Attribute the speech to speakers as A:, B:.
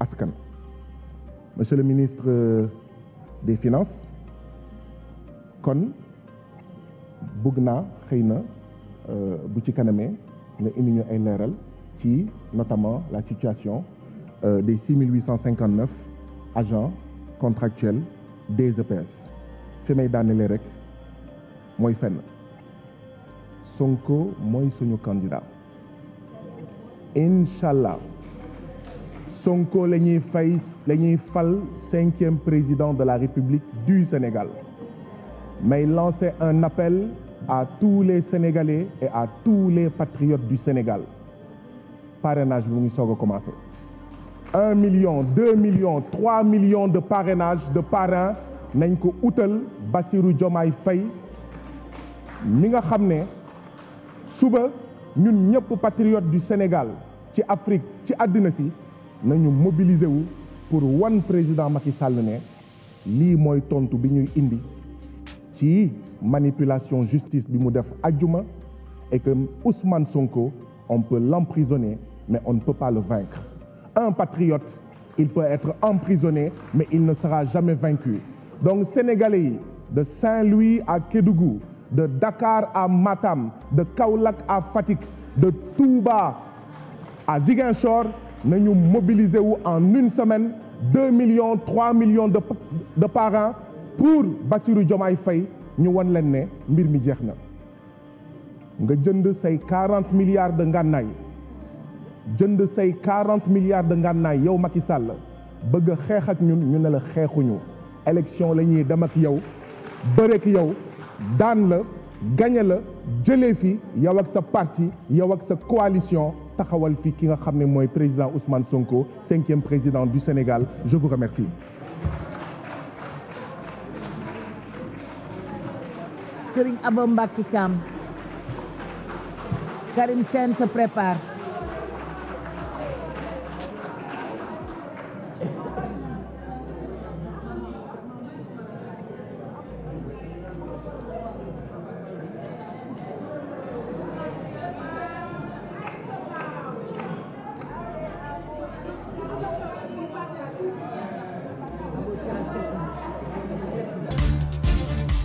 A: askan monsieur le ministre euh, des finances kon bëgg na xëy na euh, bu ci kanamee nga indi ñu ay leeral ci notamment la situation euh, des 6859 agents contractuels des EPS fi may daanelee rek mooy fenn Sonko mooy suñu candidat incha allah Sonko la ñuy fay la ñuy fal cinquième président de la République du Sénégal may lancer un appel à tous les Sénégalais et à tous les patriotes du Sénégal parrainage bi mu ngi soog a commencé un million deux millions trois millions de parrainage de parrain nañ ko utal basiru Diomaye fay mi nga xam ne suba ñun ñëpp patriotes du Sénégal ci Afrique ci àddina si nañu mobiliser wu pour wan président Macky Sall ne lii mooy tontu bi ñuy indi ci manipulation justice bi mu def ajuma et que Ousmane Sonko on peut l'emprisonner mais on ne peut pas le vaincre un patriote il peut être emprisonné mais il ne sera jamais vaincu donc sénégalais de Saint-Louis à Kédougou de Dakar à Matam de Kaolack à Fatick de Touba à Ziguinchor nañu mobiliser wu en une semaine deux million trois million de de parents pour jom ay fay ñu wan leen ne mbir mi jeex na nga jënd say quarante milliards de ngànnaay jënd say quarante milliards de ngànnaay yow Macky Sall bëgg xeex ak ñun ñu ne la xeexuñu élection la ñuy dem ak yow bëreek yow daan la gañe la jëlee fi yow ak sa parti yow ak sa coalition taxawal fi ki nga xam ne mooy président Ousmane Sonko cinquième président du Sénégal je vous remercie.
B: Serigne Aba Mbacke Thiam Karim Sène se prépare.